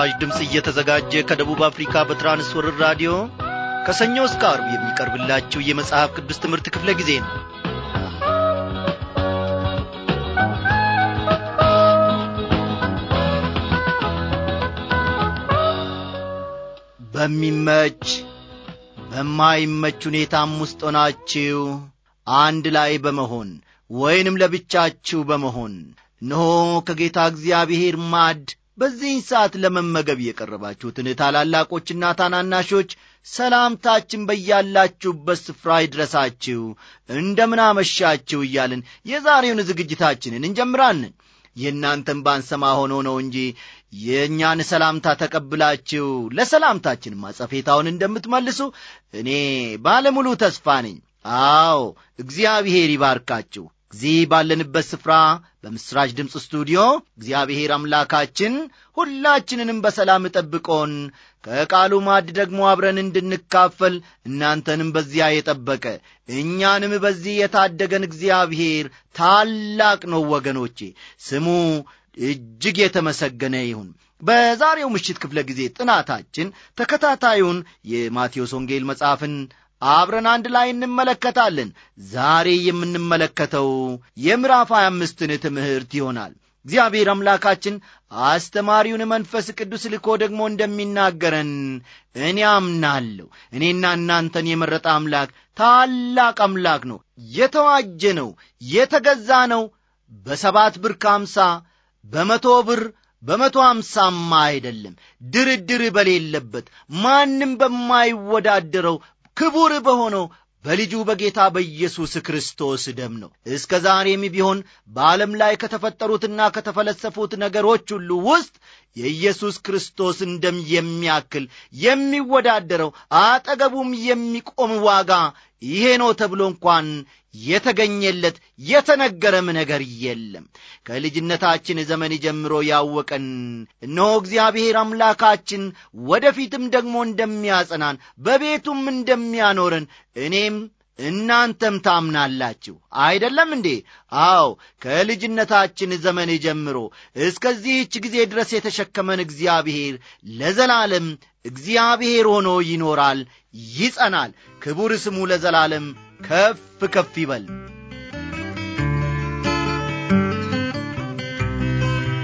ለመስራች ድምፅ እየተዘጋጀ ከደቡብ አፍሪካ በትራንስወርር ራዲዮ ከሰኞ እስከ አርብ የሚቀርብላችሁ የመጽሐፍ ቅዱስ ትምህርት ክፍለ ጊዜ ነው በሚመች በማይመች ሁኔታም ውስጥ ሆናችሁ አንድ ላይ በመሆን ወይንም ለብቻችሁ በመሆን እነሆ ከጌታ እግዚአብሔር ማድ በዚህን ሰዓት ለመመገብ የቀረባችሁትን ታላላቆችና ታናናሾች ሰላምታችን በያላችሁበት ስፍራ ይድረሳችሁ፣ አመሻችሁ እያልን የዛሬውን ዝግጅታችንን እንጀምራለን። የእናንተን ባንሰማ ሆኖ ነው እንጂ የእኛን ሰላምታ ተቀብላችሁ ለሰላምታችን ማጸፌታውን እንደምትመልሱ እኔ ባለሙሉ ተስፋ ነኝ። አዎ እግዚአብሔር ይባርካችሁ። እዚህ ባለንበት ስፍራ በምሥራች ድምፅ ስቱዲዮ እግዚአብሔር አምላካችን ሁላችንንም በሰላም ጠብቆን ከቃሉ ማድ ደግሞ አብረን እንድንካፈል እናንተንም በዚያ የጠበቀ እኛንም በዚህ የታደገን እግዚአብሔር ታላቅ ነው። ወገኖቼ ስሙ እጅግ የተመሰገነ ይሁን። በዛሬው ምሽት ክፍለ ጊዜ ጥናታችን ተከታታዩን የማቴዎስ ወንጌል መጽሐፍን አብረን አንድ ላይ እንመለከታለን። ዛሬ የምንመለከተው የምዕራፍ 25 አምስትን ትምህርት ይሆናል። እግዚአብሔር አምላካችን አስተማሪውን መንፈስ ቅዱስ ልኮ ደግሞ እንደሚናገረን እኔ አምናለሁ። እኔና እናንተን የመረጠ አምላክ ታላቅ አምላክ ነው። የተዋጀ ነው፣ የተገዛ ነው። በሰባት ብር ከአምሳ በመቶ ብር በመቶ አምሳማ አይደለም። ድርድር በሌለበት ማንም በማይወዳደረው ክቡር በሆነው በልጁ በጌታ በኢየሱስ ክርስቶስ ደም ነው። እስከ ዛሬም ቢሆን በዓለም ላይ ከተፈጠሩትና ከተፈለሰፉት ነገሮች ሁሉ ውስጥ የኢየሱስ ክርስቶስን ደም የሚያክል የሚወዳደረው አጠገቡም የሚቆም ዋጋ ይሄ ነው ተብሎ እንኳን የተገኘለት የተነገረም ነገር የለም። ከልጅነታችን ዘመን ጀምሮ ያወቀን እነሆ እግዚአብሔር አምላካችን ወደፊትም ደግሞ እንደሚያጸናን በቤቱም እንደሚያኖረን እኔም እናንተም ታምናላችሁ አይደለም እንዴ? አዎ ከልጅነታችን ዘመን ጀምሮ እስከዚህች ጊዜ ድረስ የተሸከመን እግዚአብሔር ለዘላለም እግዚአብሔር ሆኖ ይኖራል፣ ይጸናል። ክቡር ስሙ ለዘላለም ከፍ ከፍ ይበል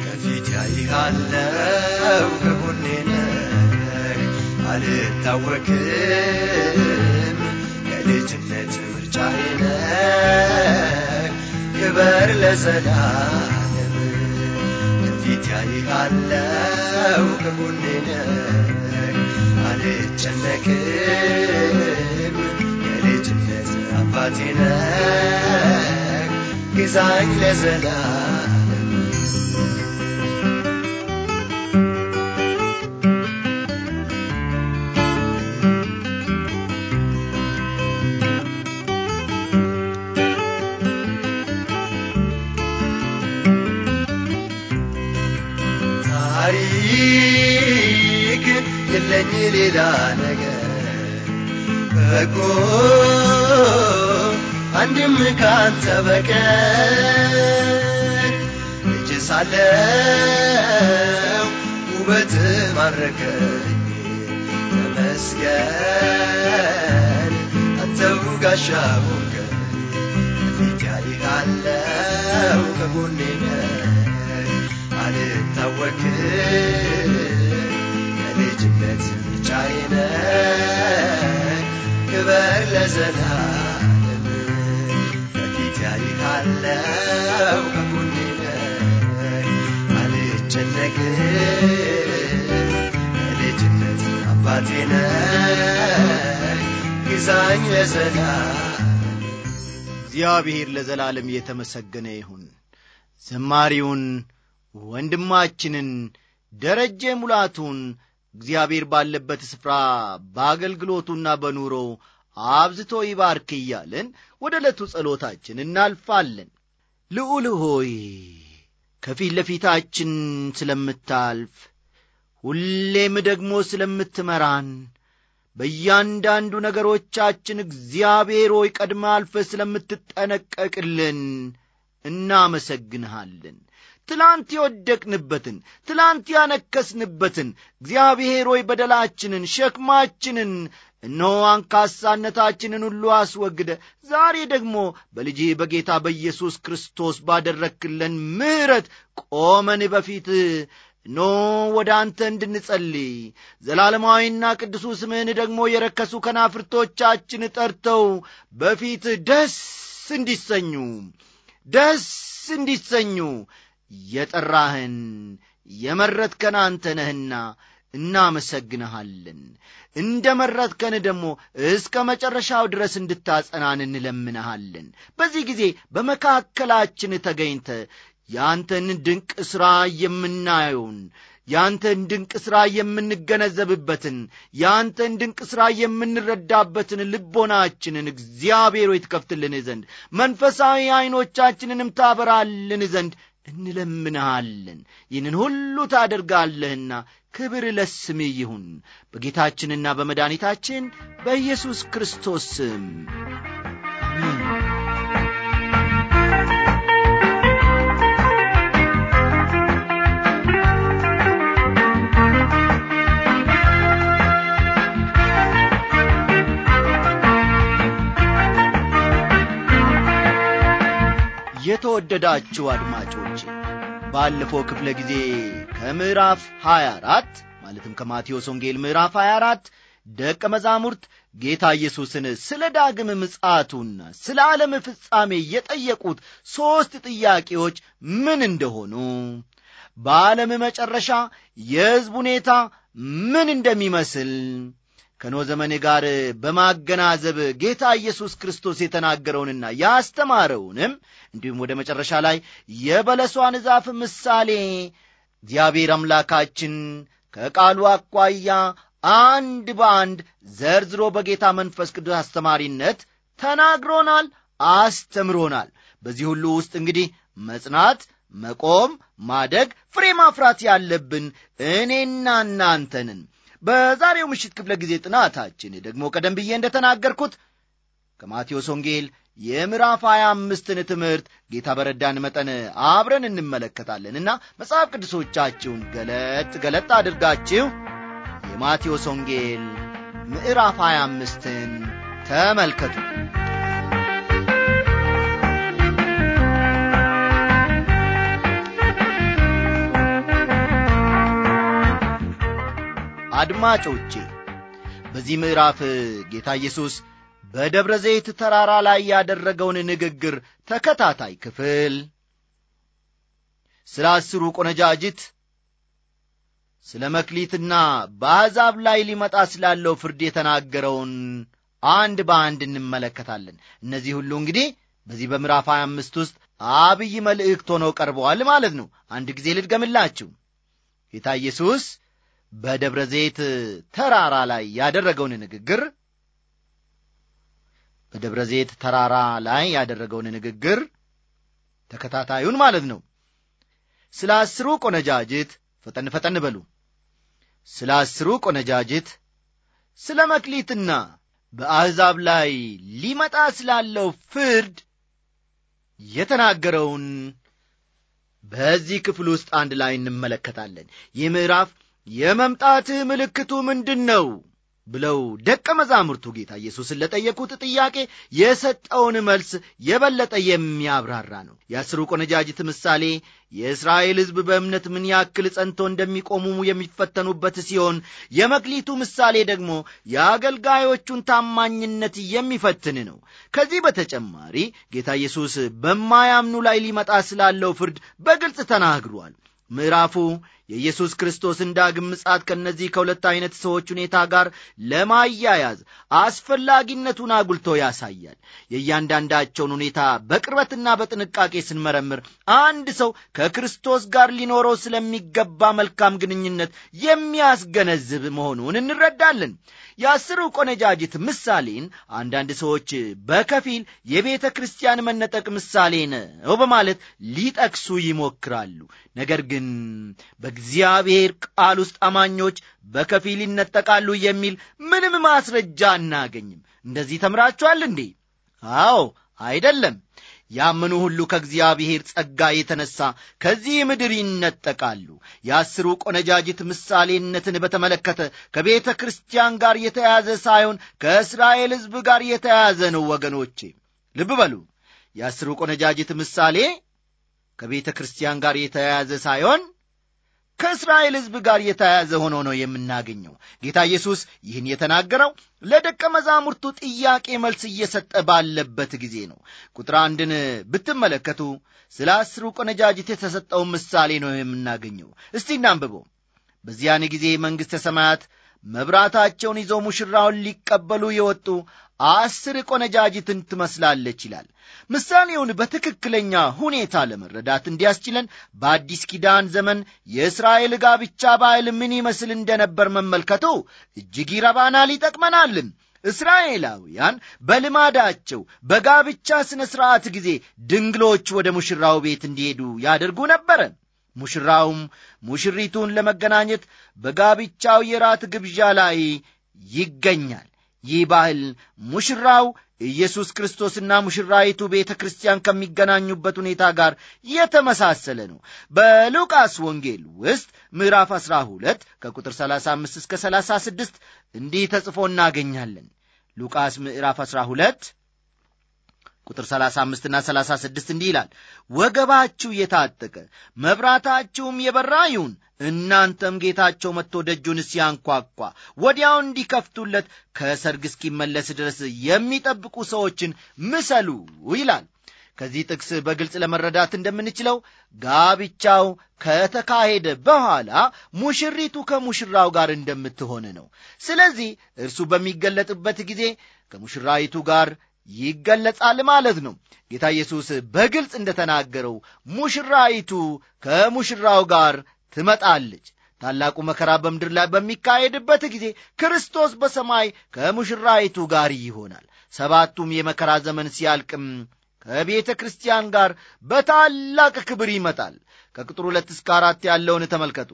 ከፊት ያይሃለው ከጎኔ ነህ አልታወክም የልጅነት ምርጫ ነህ ክበር ለዘላለም ከፊት ያይሃለው ከጎኔ ነህ አልጨነቅም جنت አባቲነህ ግዛኝ ለዘላለም ታሪክ የለኝ ሌላ ነገር በጎ አንድም ካንተ በቀር ልጅ ሳለው ውበት ማረከኝ ተመስገን አተው ጋሻ ሆንከኝ ፊት ያይቃለው ከጎኔ አልታወክም የልጅነት ብቻዬ ነህ ክበር ለዘላለም ግዛኝ ለዘላለም እግዚአብሔር ለዘላለም እየተመሰገነ ይሁን ዘማሪውን ወንድማችንን ደረጀ ሙላቱን እግዚአብሔር ባለበት ስፍራ በአገልግሎቱና በኑሮው አብዝቶ ይባርክ እያልን ወደ ዕለቱ ጸሎታችን እናልፋለን። ልዑል ሆይ ከፊት ለፊታችን ስለምታልፍ ሁሌም ደግሞ ስለምትመራን በእያንዳንዱ ነገሮቻችን እግዚአብሔር ሆይ ቀድመ አልፈ ስለምትጠነቀቅልን እናመሰግንሃለን። ትላንት የወደቅንበትን ትላንት ያነከስንበትን እግዚአብሔር ሆይ በደላችንን ሸክማችንን እነሆ አንካሳነታችንን ሁሉ አስወግደ ዛሬ ደግሞ በልጅህ በጌታ በኢየሱስ ክርስቶስ ባደረክለን ምሕረት ቆመን በፊት ኖ ወደ አንተ እንድንጸልይ ዘላለማዊና ቅዱሱ ስምህን ደግሞ የረከሱ ከናፍርቶቻችን ጠርተው በፊት ደስ እንዲሰኙ ደስ እንዲሰኙ የጠራህን የመረትከን አንተ ነህና እናመሰግንሃለን። እንደ መረትከን ደግሞ እስከ መጨረሻው ድረስ እንድታጸናን እንለምንሃለን። በዚህ ጊዜ በመካከላችን ተገኝተ ያንተን ድንቅ ሥራ የምናየውን ያንተን ድንቅ ሥራ የምንገነዘብበትን ያንተን ድንቅ ሥራ የምንረዳበትን ልቦናችንን እግዚአብሔር ሆይ ትከፍትልን ዘንድ መንፈሳዊ ዐይኖቻችንንም ታበራልን ዘንድ እንለምንሃለን ይህንን ሁሉ ታደርጋለህና ክብር ለስሜ ይሁን በጌታችንና በመድኃኒታችን በኢየሱስ ክርስቶስ ስም የተወደዳችሁ አድማጮቼ ባለፈው ክፍለ ጊዜ ከምዕራፍ 24 ማለትም ከማቴዎስ ወንጌል ምዕራፍ 24 ደቀ መዛሙርት ጌታ ኢየሱስን ስለ ዳግም ምጻቱና ስለ ዓለም ፍጻሜ የጠየቁት ሦስት ጥያቄዎች ምን እንደሆኑ በዓለም መጨረሻ የሕዝብ ሁኔታ ምን እንደሚመስል ከኖ ዘመኔ ጋር በማገናዘብ ጌታ ኢየሱስ ክርስቶስ የተናገረውንና ያስተማረውንም እንዲሁም ወደ መጨረሻ ላይ የበለሷን ዛፍ ምሳሌ እግዚአብሔር አምላካችን ከቃሉ አኳያ አንድ በአንድ ዘርዝሮ በጌታ መንፈስ ቅዱስ አስተማሪነት ተናግሮናል፣ አስተምሮናል። በዚህ ሁሉ ውስጥ እንግዲህ መጽናት፣ መቆም፣ ማደግ፣ ፍሬ ማፍራት ያለብን እኔና እናንተንን በዛሬው ምሽት ክፍለ ጊዜ ጥናታችን ደግሞ ቀደም ብዬ እንደተናገርኩት ከማቴዎስ ወንጌል የምዕራፍ ሀያ አምስትን ትምህርት ጌታ በረዳን መጠን አብረን እንመለከታለንና መጽሐፍ ቅዱሶቻችሁን ገለጥ ገለጥ አድርጋችሁ የማቴዎስ ወንጌል ምዕራፍ 2 አምስትን ተመልከቱ። አድማጮቼ በዚህ ምዕራፍ ጌታ ኢየሱስ በደብረ ዘይት ተራራ ላይ ያደረገውን ንግግር ተከታታይ ክፍል ስለ አስሩ ቆነጃጅት ስለ መክሊትና በአሕዛብ ላይ ሊመጣ ስላለው ፍርድ የተናገረውን አንድ በአንድ እንመለከታለን። እነዚህ ሁሉ እንግዲህ በዚህ በምዕራፍ 25 ውስጥ አብይ መልእክት ሆነው ቀርበዋል ማለት ነው። አንድ ጊዜ ልድገምላችሁ። ጌታ ኢየሱስ በደብረ ዘይት ተራራ ላይ ያደረገውን ንግግር በደብረ ዘይት ተራራ ላይ ያደረገውን ንግግር ተከታታዩን ማለት ነው። ስለ አስሩ ቆነጃጅት ፈጠን ፈጠን በሉ። ስለ አስሩ ቆነጃጅት፣ ስለ መክሊትና በአሕዛብ ላይ ሊመጣ ስላለው ፍርድ የተናገረውን በዚህ ክፍል ውስጥ አንድ ላይ እንመለከታለን። ይህ ምዕራፍ የመምጣትህ ምልክቱ ምንድን ነው ብለው ደቀ መዛሙርቱ ጌታ ኢየሱስን ለጠየቁት ጥያቄ የሰጠውን መልስ የበለጠ የሚያብራራ ነው። የአስሩ ቆነጃጅት ምሳሌ የእስራኤል ሕዝብ በእምነት ምን ያክል ጸንቶ እንደሚቆሙ የሚፈተኑበት ሲሆን፣ የመክሊቱ ምሳሌ ደግሞ የአገልጋዮቹን ታማኝነት የሚፈትን ነው። ከዚህ በተጨማሪ ጌታ ኢየሱስ በማያምኑ ላይ ሊመጣ ስላለው ፍርድ በግልጽ ተናግሯል። ምዕራፉ የኢየሱስ ክርስቶስን ዳግም ምጻት ከእነዚህ ከሁለት አይነት ሰዎች ሁኔታ ጋር ለማያያዝ አስፈላጊነቱን አጉልቶ ያሳያል። የእያንዳንዳቸውን ሁኔታ በቅርበትና በጥንቃቄ ስንመረምር አንድ ሰው ከክርስቶስ ጋር ሊኖረው ስለሚገባ መልካም ግንኙነት የሚያስገነዝብ መሆኑን እንረዳለን። የአስሩ ቆነጃጅት ምሳሌን አንዳንድ ሰዎች በከፊል የቤተ ክርስቲያን መነጠቅ ምሳሌ ነው በማለት ሊጠቅሱ ይሞክራሉ። ነገር ግን በእግዚአብሔር ቃል ውስጥ አማኞች በከፊል ይነጠቃሉ የሚል ምንም ማስረጃ አናገኝም። እንደዚህ ተምራችኋል እንዴ? አዎ፣ አይደለም። ያምኑ ሁሉ ከእግዚአብሔር ጸጋ የተነሳ ከዚህ ምድር ይነጠቃሉ። የአስሩ ቆነጃጅት ምሳሌነትን በተመለከተ ከቤተ ክርስቲያን ጋር የተያዘ ሳይሆን ከእስራኤል ሕዝብ ጋር የተያዘ ነው። ወገኖቼ ልብ በሉ። የአስሩ ቆነጃጅት ምሳሌ ከቤተ ክርስቲያን ጋር የተያያዘ ሳይሆን ከእስራኤል ሕዝብ ጋር የተያያዘ ሆኖ ነው የምናገኘው። ጌታ ኢየሱስ ይህን የተናገረው ለደቀ መዛሙርቱ ጥያቄ መልስ እየሰጠ ባለበት ጊዜ ነው። ቁጥር አንድን ብትመለከቱ ስለ አስሩ ቆነጃጅት የተሰጠውን ምሳሌ ነው የምናገኘው። እስቲ እናንብበው። በዚያን ጊዜ መንግሥተ ሰማያት መብራታቸውን ይዘው ሙሽራውን ሊቀበሉ የወጡ አስር ቆነጃጅትን ትመስላለች ይላል። ምሳሌውን በትክክለኛ ሁኔታ ለመረዳት እንዲያስችለን በአዲስ ኪዳን ዘመን የእስራኤል ጋብቻ ባህል ምን ይመስል እንደነበር መመልከቱ እጅግ ይረባናል፣ ይጠቅመናልም። እስራኤላውያን በልማዳቸው በጋብቻ ሥነ ሥርዓት ጊዜ ድንግሎች ወደ ሙሽራው ቤት እንዲሄዱ ያደርጉ ነበረ። ሙሽራውም ሙሽሪቱን ለመገናኘት በጋብቻው የራት ግብዣ ላይ ይገኛል። ይህ ባህል ሙሽራው ኢየሱስ ክርስቶስና ሙሽራይቱ ቤተ ክርስቲያን ከሚገናኙበት ሁኔታ ጋር የተመሳሰለ ነው። በሉቃስ ወንጌል ውስጥ ምዕራፍ 12 ከቁጥር 35 እስከ 36 እንዲህ ተጽፎ እናገኛለን። ሉቃስ ምዕራፍ 12 ቁጥር 35ና 36 እንዲህ ይላል ወገባችሁ የታጠቀ መብራታችሁም የበራ ይሁን እናንተም ጌታቸው መጥቶ ደጁን ሲያንኳኳ ወዲያው እንዲከፍቱለት ከሰርግ እስኪመለስ ድረስ የሚጠብቁ ሰዎችን ምሰሉ ይላል ከዚህ ጥቅስ በግልጽ ለመረዳት እንደምንችለው ጋብቻው ከተካሄደ በኋላ ሙሽሪቱ ከሙሽራው ጋር እንደምትሆን ነው። ስለዚህ እርሱ በሚገለጥበት ጊዜ ከሙሽራይቱ ጋር ይገለጻል ማለት ነው። ጌታ ኢየሱስ በግልጽ እንደተናገረው ሙሽራይቱ ከሙሽራው ጋር ትመጣለች። ታላቁ መከራ በምድር ላይ በሚካሄድበት ጊዜ ክርስቶስ በሰማይ ከሙሽራይቱ ጋር ይሆናል። ሰባቱም የመከራ ዘመን ሲያልቅም ከቤተ ክርስቲያን ጋር በታላቅ ክብር ይመጣል። ከቁጥር ሁለት እስከ አራት ያለውን ተመልከቱ።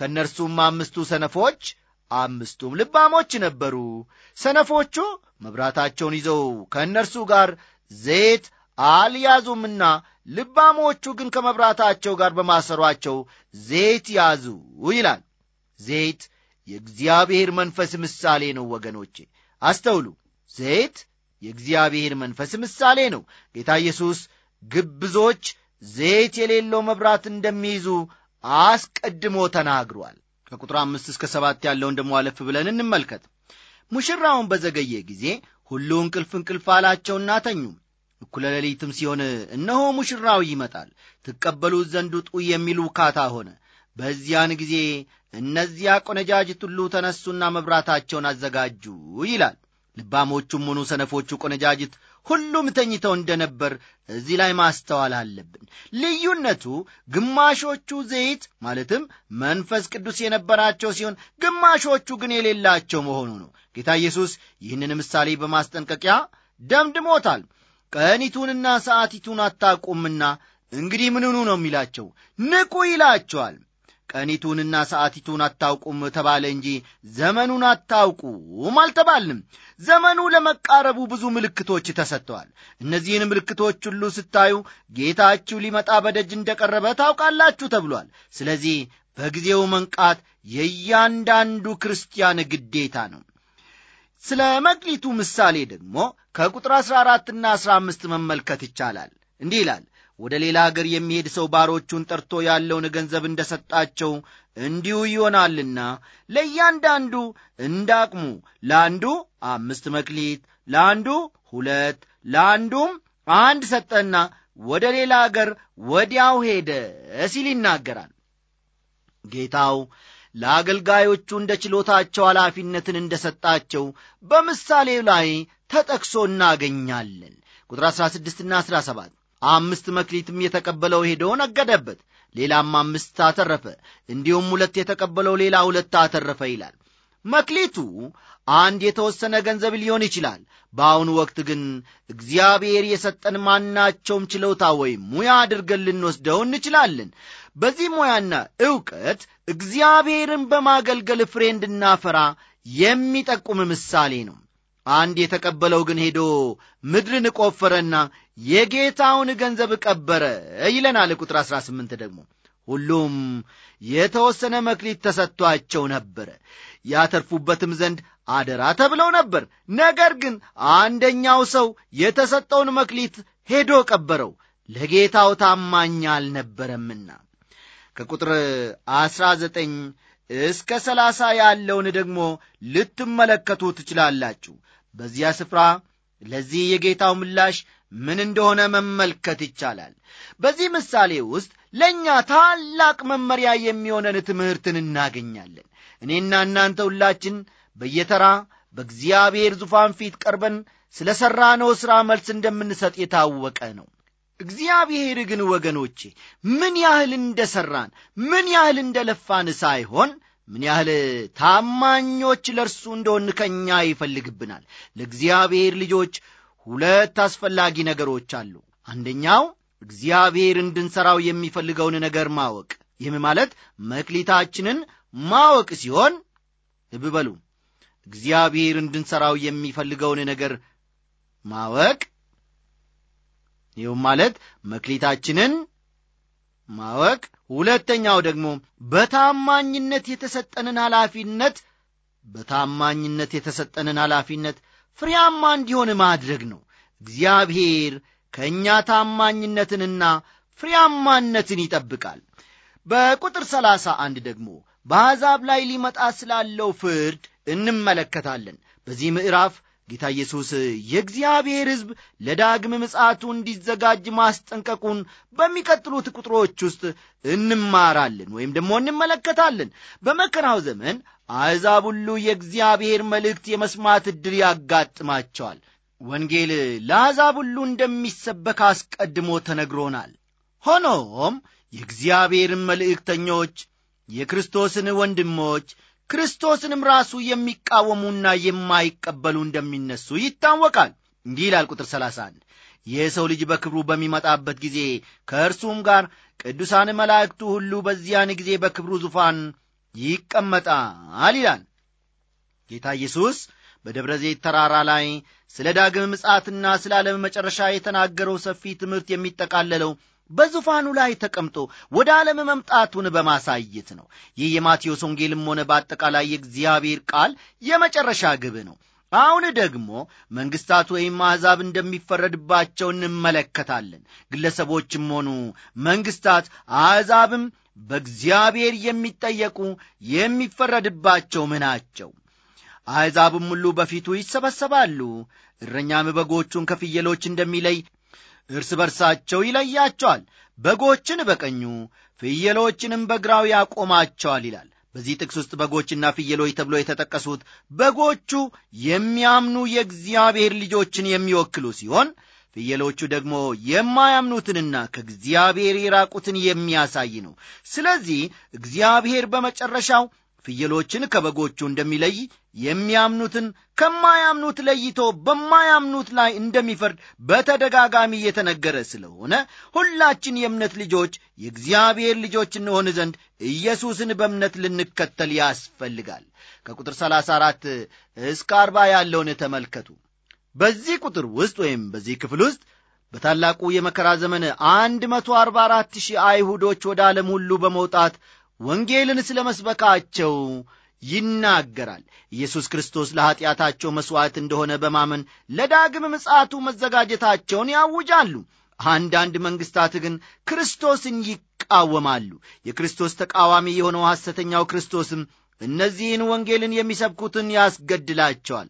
ከእነርሱም አምስቱ ሰነፎች አምስቱም ልባሞች ነበሩ። ሰነፎቹ መብራታቸውን ይዘው ከእነርሱ ጋር ዘይት አልያዙምና ልባሞቹ ግን ከመብራታቸው ጋር በማሰሯቸው ዘይት ያዙ ይላል። ዘይት የእግዚአብሔር መንፈስ ምሳሌ ነው። ወገኖቼ አስተውሉ። ዘይት የእግዚአብሔር መንፈስ ምሳሌ ነው። ጌታ ኢየሱስ ግብዞች ዘይት የሌለው መብራት እንደሚይዙ አስቀድሞ ተናግሯል። ከቁጥር አምስት እስከ ሰባት ያለውን ደሞ አለፍ ብለን እንመልከት። ሙሽራውን በዘገየ ጊዜ ሁሉ እንቅልፍ እንቅልፍ አላቸውና ተኙ። እኩለ ሌሊትም ሲሆን እነሆ ሙሽራው ይመጣል፣ ትቀበሉት ዘንድ ውጡ የሚል ውካታ ሆነ። በዚያን ጊዜ እነዚያ ቆነጃጅት ሁሉ ተነሱና መብራታቸውን አዘጋጁ ይላል። ልባሞቹም ሆኑ ሰነፎቹ ቆነጃጅት ሁሉም ተኝተው እንደነበር እዚህ ላይ ማስተዋል አለብን። ልዩነቱ ግማሾቹ ዘይት ማለትም መንፈስ ቅዱስ የነበራቸው ሲሆን ግማሾቹ ግን የሌላቸው መሆኑ ነው። ጌታ ኢየሱስ ይህንን ምሳሌ በማስጠንቀቂያ ደምድሞታል። ቀኒቱንና ሰዓቲቱን አታውቁምና እንግዲህ ምንኑ ነው የሚላቸው? ንቁ ይላቸዋል። ቀኒቱንና ሰዓቲቱን አታውቁም ተባለ እንጂ ዘመኑን አታውቁም አልተባልንም። ዘመኑ ለመቃረቡ ብዙ ምልክቶች ተሰጥተዋል። እነዚህን ምልክቶች ሁሉ ስታዩ ጌታችሁ ሊመጣ በደጅ እንደቀረበ ታውቃላችሁ ተብሏል። ስለዚህ በጊዜው መንቃት የእያንዳንዱ ክርስቲያን ግዴታ ነው። ስለ መግሊቱ ምሳሌ ደግሞ ከቁጥር 14ና 15 መመልከት ይቻላል። እንዲህ ይላል ወደ ሌላ አገር የሚሄድ ሰው ባሮቹን ጠርቶ ያለውን ገንዘብ እንደ ሰጣቸው እንዲሁ ይሆናልና ለእያንዳንዱ እንደ አቅሙ ለአንዱ አምስት መክሊት፣ ለአንዱ ሁለት፣ ለአንዱም አንድ ሰጠና ወደ ሌላ አገር ወዲያው ሄደ ሲል ይናገራል። ጌታው ለአገልጋዮቹ እንደ ችሎታቸው ኃላፊነትን እንደ ሰጣቸው በምሳሌው ላይ ተጠቅሶ እናገኛለን። ቁጥር 16ና 17 አምስት መክሊትም የተቀበለው ሄዶ ነገደበት፣ ሌላም አምስት አተረፈ፣ እንዲሁም ሁለት የተቀበለው ሌላ ሁለት አተረፈ ይላል። መክሊቱ አንድ የተወሰነ ገንዘብ ሊሆን ይችላል። በአሁኑ ወቅት ግን እግዚአብሔር የሰጠን ማናቸውም ችሎታ ወይም ሙያ አድርገን ልንወስደው እንችላለን። በዚህ ሙያና ዕውቀት እግዚአብሔርን በማገልገል ፍሬ እንድናፈራ የሚጠቁም ምሳሌ ነው። አንድ የተቀበለው ግን ሄዶ ምድርን ቆፈረና የጌታውን ገንዘብ ቀበረ ይለናል። ቁጥር 18 ደግሞ ሁሉም የተወሰነ መክሊት ተሰጥቷቸው ነበረ፣ ያተርፉበትም ዘንድ አደራ ተብለው ነበር። ነገር ግን አንደኛው ሰው የተሰጠውን መክሊት ሄዶ ቀበረው፣ ለጌታው ታማኝ አልነበረምና። ከቁጥር 19 እስከ 30 ያለውን ደግሞ ልትመለከቱ ትችላላችሁ። በዚያ ስፍራ ለዚህ የጌታው ምላሽ ምን እንደሆነ መመልከት ይቻላል። በዚህ ምሳሌ ውስጥ ለእኛ ታላቅ መመሪያ የሚሆነን ትምህርትን እናገኛለን። እኔና እናንተ ሁላችን በየተራ በእግዚአብሔር ዙፋን ፊት ቀርበን ስለ ነው ሥራ መልስ እንደምንሰጥ የታወቀ ነው። እግዚአብሔር ግን ወገኖቼ ምን ያህል እንደ ሠራን ምን ያህል እንደ ለፋን ሳይሆን ምን ያህል ታማኞች ለእርሱ እንደሆን ከኛ ይፈልግብናል። ለእግዚአብሔር ልጆች ሁለት አስፈላጊ ነገሮች አሉ። አንደኛው እግዚአብሔር እንድንሠራው የሚፈልገውን ነገር ማወቅ፣ ይህም ማለት መክሊታችንን ማወቅ ሲሆን ልብ በሉ እግዚአብሔር እንድንሠራው የሚፈልገውን ነገር ማወቅ ይህም ማለት መክሊታችንን ማወቅ፣ ሁለተኛው ደግሞ በታማኝነት የተሰጠንን ኃላፊነት በታማኝነት የተሰጠንን ኃላፊነት ፍሬያማ እንዲሆን ማድረግ ነው። እግዚአብሔር ከእኛ ታማኝነትንና ፍሬያማነትን ይጠብቃል። በቁጥር ሰላሳ አንድ ደግሞ በአሕዛብ ላይ ሊመጣ ስላለው ፍርድ እንመለከታለን። በዚህ ምዕራፍ ጌታ ኢየሱስ የእግዚአብሔር ሕዝብ ለዳግም ምጽአቱ እንዲዘጋጅ ማስጠንቀቁን በሚቀጥሉት ቁጥሮች ውስጥ እንማራለን ወይም ደግሞ እንመለከታለን። በመከራው ዘመን አሕዛብ ሁሉ የእግዚአብሔር መልእክት የመስማት ዕድል ያጋጥማቸዋል። ወንጌል ለአሕዛብ ሁሉ እንደሚሰበክ አስቀድሞ ተነግሮናል። ሆኖም የእግዚአብሔርን መልእክተኞች የክርስቶስን ወንድሞች ክርስቶስንም ራሱ የሚቃወሙና የማይቀበሉ እንደሚነሱ ይታወቃል። እንዲህ ይላል ቁጥር 31 የሰው ልጅ በክብሩ በሚመጣበት ጊዜ ከእርሱም ጋር ቅዱሳን መላእክቱ ሁሉ በዚያን ጊዜ በክብሩ ዙፋን ይቀመጣል ይላል። ጌታ ኢየሱስ በደብረ ዘይት ተራራ ላይ ስለ ዳግም ምጽአትና ስለ ዓለም መጨረሻ የተናገረው ሰፊ ትምህርት የሚጠቃለለው በዙፋኑ ላይ ተቀምጦ ወደ ዓለም መምጣቱን በማሳየት ነው። ይህ የማቴዎስ ወንጌልም ሆነ በአጠቃላይ የእግዚአብሔር ቃል የመጨረሻ ግብ ነው። አሁን ደግሞ መንግሥታት ወይም አሕዛብ እንደሚፈረድባቸው እንመለከታለን። ግለሰቦችም ሆኑ መንግሥታት፣ አሕዛብም በእግዚአብሔር የሚጠየቁ የሚፈረድባቸው ምናቸው? አሕዛብም ሁሉ በፊቱ ይሰበሰባሉ። እረኛም በጎቹን ከፍየሎች እንደሚለይ እርስ በርሳቸው ይለያቸዋል፣ በጎችን በቀኙ ፍየሎችንም በግራው ያቆማቸዋል ይላል። በዚህ ጥቅስ ውስጥ በጎችና ፍየሎች ተብሎ የተጠቀሱት በጎቹ የሚያምኑ የእግዚአብሔር ልጆችን የሚወክሉ ሲሆን ፍየሎቹ ደግሞ የማያምኑትንና ከእግዚአብሔር የራቁትን የሚያሳይ ነው። ስለዚህ እግዚአብሔር በመጨረሻው ፍየሎችን ከበጎቹ እንደሚለይ የሚያምኑትን ከማያምኑት ለይቶ በማያምኑት ላይ እንደሚፈርድ በተደጋጋሚ እየተነገረ ስለሆነ ሁላችን የእምነት ልጆች የእግዚአብሔር ልጆች እንሆን ዘንድ ኢየሱስን በእምነት ልንከተል ያስፈልጋል። ከቁጥር 34 እስከ 40 ያለውን ተመልከቱ። በዚህ ቁጥር ውስጥ ወይም በዚህ ክፍል ውስጥ በታላቁ የመከራ ዘመን አንድ መቶ አርባ አራት ሺህ አይሁዶች ወደ ዓለም ሁሉ በመውጣት ወንጌልን ስለ መስበካቸው ይናገራል። ኢየሱስ ክርስቶስ ለኀጢአታቸው መሥዋዕት እንደሆነ በማመን ለዳግም ምጽአቱ መዘጋጀታቸውን ያውጃሉ። አንዳንድ መንግሥታት ግን ክርስቶስን ይቃወማሉ። የክርስቶስ ተቃዋሚ የሆነው ሐሰተኛው ክርስቶስም እነዚህን ወንጌልን የሚሰብኩትን ያስገድላቸዋል።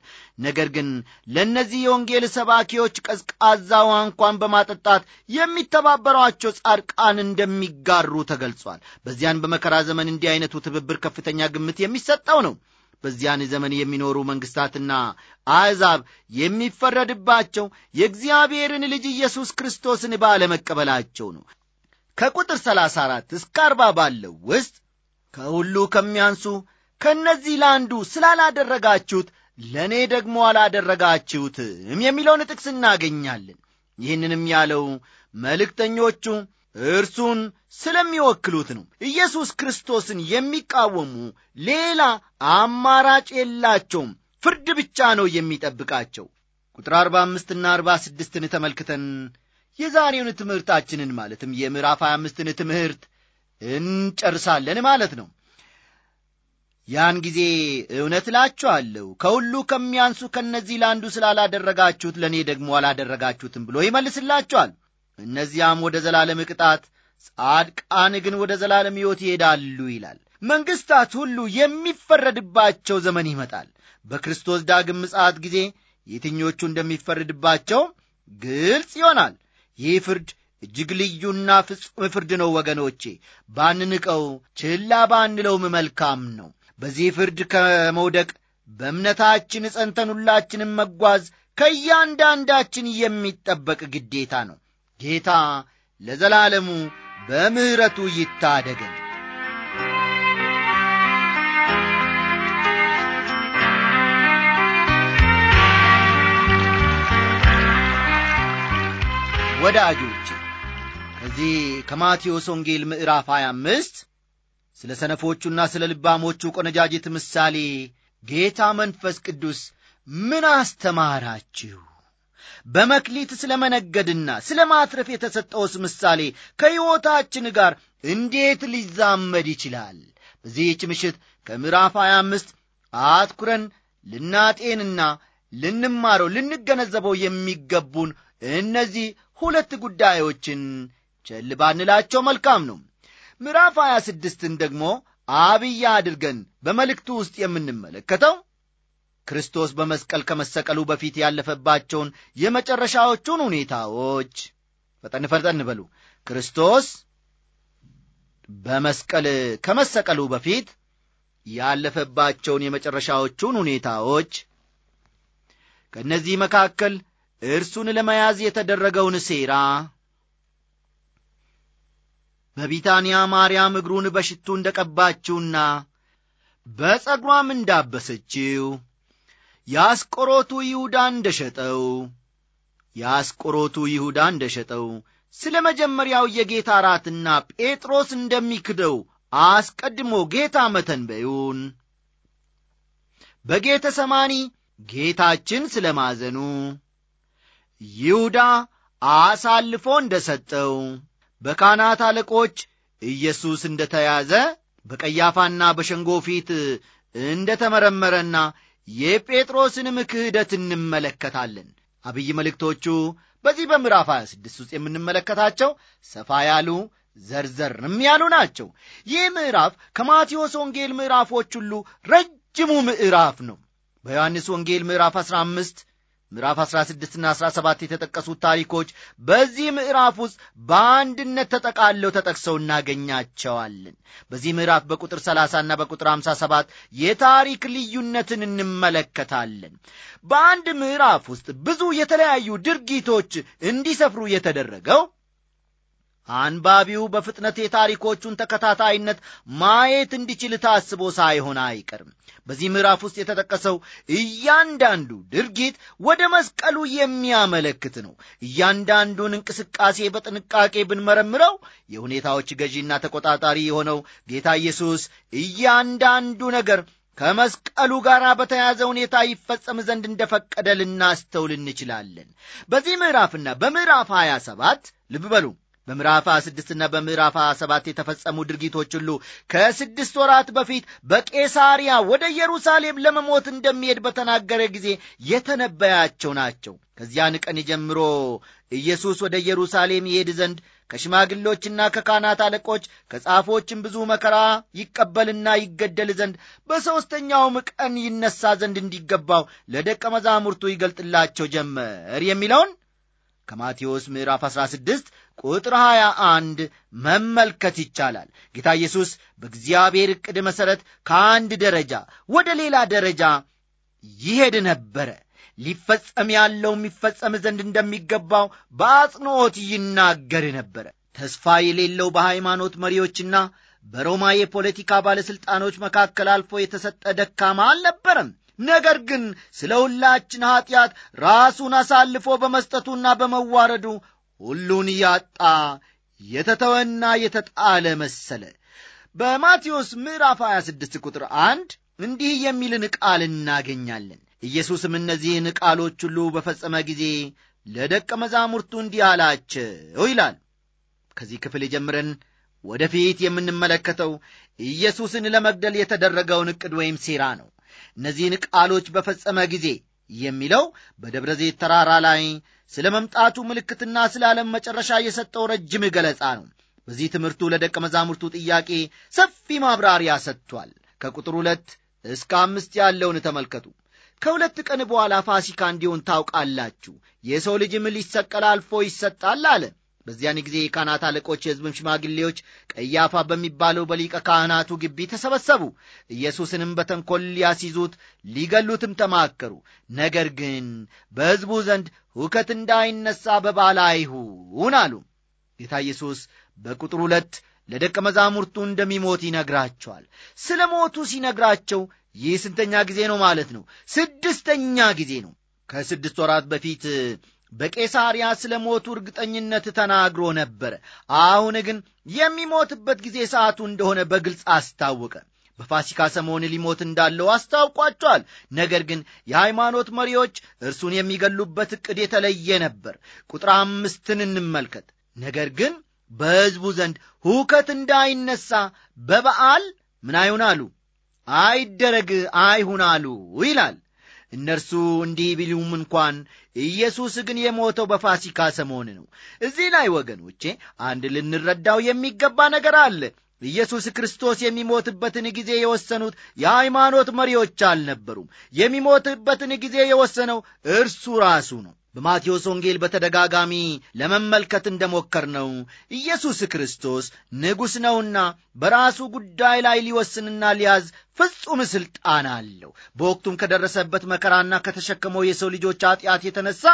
ነገር ግን ለእነዚህ የወንጌል ሰባኪዎች ቀዝቃዛ ውሃ እንኳን በማጠጣት የሚተባበሯቸው ጻድቃን እንደሚጋሩ ተገልጿል። በዚያን በመከራ ዘመን እንዲህ ዐይነቱ ትብብር ከፍተኛ ግምት የሚሰጠው ነው። በዚያን ዘመን የሚኖሩ መንግሥታትና አሕዛብ የሚፈረድባቸው የእግዚአብሔርን ልጅ ኢየሱስ ክርስቶስን ባለመቀበላቸው ነው። ከቁጥር 34 እስከ 40 ባለው ውስጥ ከሁሉ ከሚያንሱ ከእነዚህ ለአንዱ ስላላደረጋችሁት ለእኔ ደግሞ አላደረጋችሁትም የሚለውን ጥቅስ እናገኛለን። ይህንንም ያለው መልእክተኞቹ እርሱን ስለሚወክሉት ነው። ኢየሱስ ክርስቶስን የሚቃወሙ ሌላ አማራጭ የላቸውም። ፍርድ ብቻ ነው የሚጠብቃቸው። ቁጥር 45ና 46 ስድስትን ተመልክተን የዛሬውን ትምህርታችንን ማለትም የምዕራፍ 25 አምስትን ትምህርት እንጨርሳለን ማለት ነው። ያን ጊዜ እውነት እላችኋለሁ ከሁሉ ከሚያንሱ ከእነዚህ ለአንዱ ስላላደረጋችሁት ለእኔ ደግሞ አላደረጋችሁትም ብሎ ይመልስላችኋል። እነዚያም ወደ ዘላለም ቅጣት፣ ጻድቃን ግን ወደ ዘላለም ሕይወት ይሄዳሉ ይላል። መንግሥታት ሁሉ የሚፈረድባቸው ዘመን ይመጣል። በክርስቶስ ዳግም ምጽአት ጊዜ የትኞቹ እንደሚፈርድባቸው ግልጽ ይሆናል። ይህ ፍርድ እጅግ ልዩና ፍጹም ፍርድ ነው ወገኖቼ። ባንንቀው፣ ችላ ባንለውም መልካም ነው። በዚህ ፍርድ ከመውደቅ በእምነታችን ጸንተኑላችንም መጓዝ ከእያንዳንዳችን የሚጠበቅ ግዴታ ነው። ጌታ ለዘላለሙ በምሕረቱ ይታደገን። ወዳጆች ከዚህ ከማቴዎስ ወንጌል ምዕራፍ 25 ስለ ሰነፎቹና ስለ ልባሞቹ ቆነጃጅት ምሳሌ ጌታ መንፈስ ቅዱስ ምን አስተማራችሁ? በመክሊት ስለ መነገድና ስለ ማትረፍ የተሰጠውስ ምሳሌ ከሕይወታችን ጋር እንዴት ሊዛመድ ይችላል? በዚህች ምሽት ከምዕራፍ 25 አትኩረን ልናጤንና ልንማረው ልንገነዘበው የሚገቡን እነዚህ ሁለት ጉዳዮችን ቸል ባንላቸው መልካም ነው። ምዕራፍ 26ን ደግሞ አብያ አድርገን በመልእክቱ ውስጥ የምንመለከተው ክርስቶስ በመስቀል ከመሰቀሉ በፊት ያለፈባቸውን የመጨረሻዎቹን ሁኔታዎች ፈጠን ፈጠን በሉ። ክርስቶስ በመስቀል ከመሰቀሉ በፊት ያለፈባቸውን የመጨረሻዎቹን ሁኔታዎች ከእነዚህ መካከል እርሱን ለመያዝ የተደረገውን ሴራ በቢታንያ ማርያም እግሩን በሽቱ እንደ ቀባችውና በጸጉሯም እንዳበሰችው የአስቆሮቱ ይሁዳ እንደ ሸጠው የአስቆሮቱ ይሁዳ እንደ ሸጠው ስለ መጀመሪያው የጌታ ራትና ጴጥሮስ እንደሚክደው አስቀድሞ ጌታ መተንበዩን በጌተ ሰማኒ ጌታችን ስለ ማዘኑ ይሁዳ አሳልፎ እንደ ሰጠው በካህናት አለቆች ኢየሱስ እንደ ተያዘ በቀያፋና በሸንጎ ፊት እንደ ተመረመረና የጴጥሮስንም ክህደት እንመለከታለን። አብይ መልእክቶቹ በዚህ በምዕራፍ 26 ውስጥ የምንመለከታቸው ሰፋ ያሉ ዘርዘርም ያሉ ናቸው። ይህ ምዕራፍ ከማቴዎስ ወንጌል ምዕራፎች ሁሉ ረጅሙ ምዕራፍ ነው። በዮሐንስ ወንጌል ምዕራፍ 15 ምዕራፍ 16ና 17 የተጠቀሱት ታሪኮች በዚህ ምዕራፍ ውስጥ በአንድነት ተጠቃለው ተጠቅሰው እናገኛቸዋለን። በዚህ ምዕራፍ በቁጥር 30ና በቁጥር 57 የታሪክ ልዩነትን እንመለከታለን። በአንድ ምዕራፍ ውስጥ ብዙ የተለያዩ ድርጊቶች እንዲሰፍሩ የተደረገው አንባቢው በፍጥነት የታሪኮቹን ተከታታይነት ማየት እንዲችል ታስቦ ሳይሆን አይቀርም። በዚህ ምዕራፍ ውስጥ የተጠቀሰው እያንዳንዱ ድርጊት ወደ መስቀሉ የሚያመለክት ነው። እያንዳንዱን እንቅስቃሴ በጥንቃቄ ብንመረምረው የሁኔታዎች ገዢና ተቆጣጣሪ የሆነው ጌታ ኢየሱስ እያንዳንዱ ነገር ከመስቀሉ ጋር በተያያዘ ሁኔታ ይፈጸም ዘንድ እንደፈቀደ ልናስተውል እንችላለን። በዚህ ምዕራፍና በምዕራፍ 27 ልብ በሉ በምዕራፍ ስድስትና በምዕራፍ ሰባት የተፈጸሙ ድርጊቶች ሁሉ ከስድስት ወራት በፊት በቄሳሪያ ወደ ኢየሩሳሌም ለመሞት እንደሚሄድ በተናገረ ጊዜ የተነበያቸው ናቸው። ከዚያን ቀን ጀምሮ ኢየሱስ ወደ ኢየሩሳሌም ይሄድ ዘንድ ከሽማግሎችና ከካናት አለቆች ከጻፎችም ብዙ መከራ ይቀበልና ይገደል ዘንድ በሦስተኛውም ቀን ይነሳ ዘንድ እንዲገባው ለደቀ መዛሙርቱ ይገልጥላቸው ጀመር የሚለውን ከማቴዎስ ምዕራፍ 16 ቁጥር 21 መመልከት ይቻላል። ጌታ ኢየሱስ በእግዚአብሔር ዕቅድ መሠረት ከአንድ ደረጃ ወደ ሌላ ደረጃ ይሄድ ነበረ። ሊፈጸም ያለው የሚፈጸም ዘንድ እንደሚገባው በአጽንኦት ይናገር ነበረ። ተስፋ የሌለው በሃይማኖት መሪዎችና በሮማ የፖለቲካ ባለሥልጣኖች መካከል አልፎ የተሰጠ ደካማ አልነበረም። ነገር ግን ስለ ሁላችን ኀጢአት ራሱን አሳልፎ በመስጠቱና በመዋረዱ ሁሉን እያጣ የተተወና የተጣለ መሰለ። በማቴዎስ ምዕራፍ 26 ቁጥር 1 እንዲህ የሚልን ቃል እናገኛለን። ኢየሱስም እነዚህን ቃሎች ሁሉ በፈጸመ ጊዜ ለደቀ መዛሙርቱ እንዲህ አላቸው ይላል። ከዚህ ክፍል ጀምረን ወደፊት የምንመለከተው ኢየሱስን ለመግደል የተደረገውን ዕቅድ ወይም ሴራ ነው። እነዚህን ቃሎች በፈጸመ ጊዜ የሚለው በደብረ ዘይት ተራራ ላይ ስለ መምጣቱ ምልክትና ስለ ዓለም መጨረሻ የሰጠው ረጅም ገለጻ ነው። በዚህ ትምህርቱ ለደቀ መዛሙርቱ ጥያቄ ሰፊ ማብራሪያ ሰጥቷል። ከቁጥር ሁለት እስከ አምስት ያለውን ተመልከቱ። ከሁለት ቀን በኋላ ፋሲካ እንዲሆን ታውቃላችሁ፣ የሰው ልጅም ሊሰቀል አልፎ ይሰጣል አለ። በዚያን ጊዜ የካህናት አለቆች፣ የሕዝብም ሽማግሌዎች ቀያፋ በሚባለው በሊቀ ካህናቱ ግቢ ተሰበሰቡ። ኢየሱስንም በተንኰል ሊያስይዙት ሊገሉትም ተማከሩ። ነገር ግን በሕዝቡ ዘንድ ሁከት እንዳይነሣ በበዓል አይሁን አሉ። ጌታ ኢየሱስ በቁጥር ሁለት ለደቀ መዛሙርቱ እንደሚሞት ይነግራቸዋል። ስለ ሞቱ ሲነግራቸው ይህ ስንተኛ ጊዜ ነው ማለት ነው? ስድስተኛ ጊዜ ነው። ከስድስት ወራት በፊት በቄሳርያ ስለ ሞቱ እርግጠኝነት ተናግሮ ነበር። አሁን ግን የሚሞትበት ጊዜ ሰዓቱ እንደሆነ በግልጽ አስታወቀ። በፋሲካ ሰሞን ሊሞት እንዳለው አስታውቋቸዋል። ነገር ግን የሃይማኖት መሪዎች እርሱን የሚገሉበት ዕቅድ የተለየ ነበር። ቁጥር አምስትን እንመልከት። ነገር ግን በሕዝቡ ዘንድ ሁከት እንዳይነሳ በበዓል ምን አይሁን አሉ? አይደረግ አይሁን አሉ ይላል። እነርሱ እንዲህ ቢሉም እንኳን ኢየሱስ ግን የሞተው በፋሲካ ሰሞን ነው። እዚህ ላይ ወገኖቼ አንድ ልንረዳው የሚገባ ነገር አለ። ኢየሱስ ክርስቶስ የሚሞትበትን ጊዜ የወሰኑት የሃይማኖት መሪዎች አልነበሩም። የሚሞትበትን ጊዜ የወሰነው እርሱ ራሱ ነው። በማቴዎስ ወንጌል በተደጋጋሚ ለመመልከት ነው ኢየሱስ ክርስቶስ ንጉሥ ነውና በራሱ ጉዳይ ላይ ሊወስንና ሊያዝ ፍጹም ሥልጣን አለው። በወቅቱም ከደረሰበት መከራና ከተሸከመው የሰው ልጆች አጢአት የተነሳ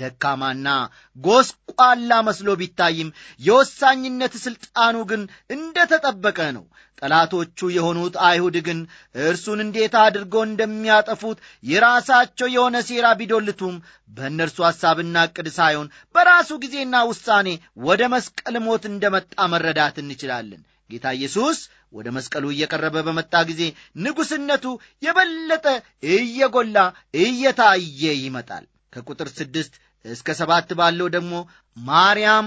ደካማና ጎስቋላ መስሎ ቢታይም የወሳኝነት ሥልጣኑ ግን እንደ ተጠበቀ ነው። ጠላቶቹ የሆኑት አይሁድ ግን እርሱን እንዴት አድርጎ እንደሚያጠፉት የራሳቸው የሆነ ሴራ ቢዶልቱም በእነርሱ ሐሳብና ዕቅድ ሳይሆን በራሱ ጊዜና ውሳኔ ወደ መስቀል ሞት እንደመጣ መረዳት እንችላለን። ጌታ ኢየሱስ ወደ መስቀሉ እየቀረበ በመጣ ጊዜ ንጉሥነቱ የበለጠ እየጎላ እየታየ ይመጣል። ከቁጥር ስድስት እስከ ሰባት ባለው ደግሞ ማርያም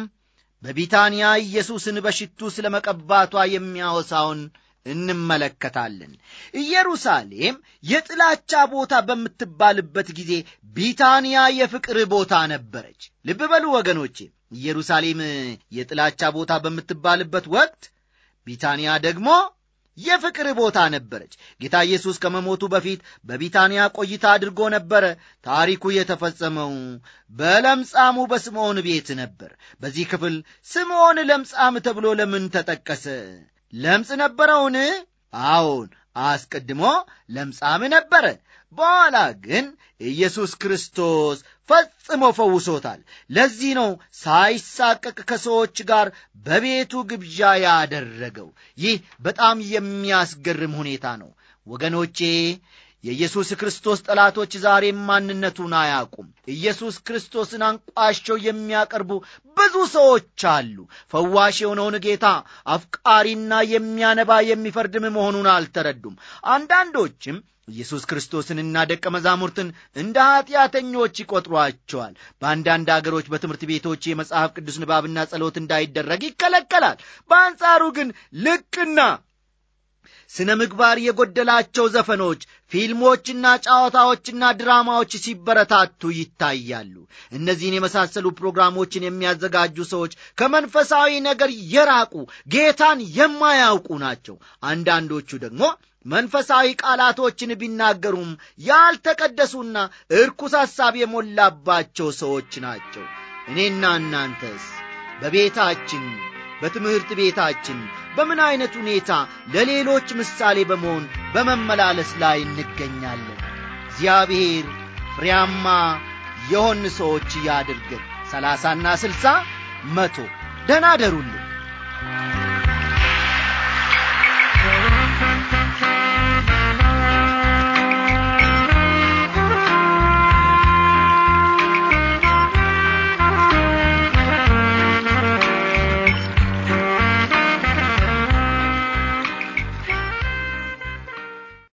በቢታንያ ኢየሱስን በሽቱ ስለ መቀባቷ የሚያወሳውን እንመለከታለን። ኢየሩሳሌም የጥላቻ ቦታ በምትባልበት ጊዜ ቢታንያ የፍቅር ቦታ ነበረች። ልብ በሉ ወገኖቼ፣ ኢየሩሳሌም የጥላቻ ቦታ በምትባልበት ወቅት ቢታንያ ደግሞ የፍቅር ቦታ ነበረች። ጌታ ኢየሱስ ከመሞቱ በፊት በቢታንያ ቆይታ አድርጎ ነበረ። ታሪኩ የተፈጸመው በለምጻሙ በስምዖን ቤት ነበር። በዚህ ክፍል ስምዖን ለምጻም ተብሎ ለምን ተጠቀሰ? ለምጽ ነበረውን? አዎን አስቀድሞ ለምጻም ነበረ፣ በኋላ ግን ኢየሱስ ክርስቶስ ፈጽሞ ፈውሶታል። ለዚህ ነው ሳይሳቀቅ ከሰዎች ጋር በቤቱ ግብዣ ያደረገው። ይህ በጣም የሚያስገርም ሁኔታ ነው ወገኖቼ የኢየሱስ ክርስቶስ ጠላቶች ዛሬም ማንነቱን አያውቁም። ኢየሱስ ክርስቶስን አንቋሸው የሚያቀርቡ ብዙ ሰዎች አሉ። ፈዋሽ የሆነውን ጌታ አፍቃሪና የሚያነባ የሚፈርድም መሆኑን አልተረዱም። አንዳንዶችም ኢየሱስ ክርስቶስንና ደቀ መዛሙርትን እንደ ኀጢአተኞች ይቈጥሯቸዋል። በአንዳንድ አገሮች በትምህርት ቤቶች የመጽሐፍ ቅዱስ ንባብና ጸሎት እንዳይደረግ ይከለከላል። በአንጻሩ ግን ልቅና ስነ ምግባር የጎደላቸው ዘፈኖች፣ ፊልሞችና ጨዋታዎችና ድራማዎች ሲበረታቱ ይታያሉ። እነዚህን የመሳሰሉ ፕሮግራሞችን የሚያዘጋጁ ሰዎች ከመንፈሳዊ ነገር የራቁ ጌታን የማያውቁ ናቸው። አንዳንዶቹ ደግሞ መንፈሳዊ ቃላቶችን ቢናገሩም ያልተቀደሱና እርኩስ ሐሳብ የሞላባቸው ሰዎች ናቸው። እኔና እናንተስ በቤታችን በትምህርት ቤታችን በምን ዐይነት ሁኔታ ለሌሎች ምሳሌ በመሆን በመመላለስ ላይ እንገኛለን? እግዚአብሔር ፍሬያማ የሆን ሰዎች ያድርገን። ሰላሳና ስልሳ መቶ ደናደሩልን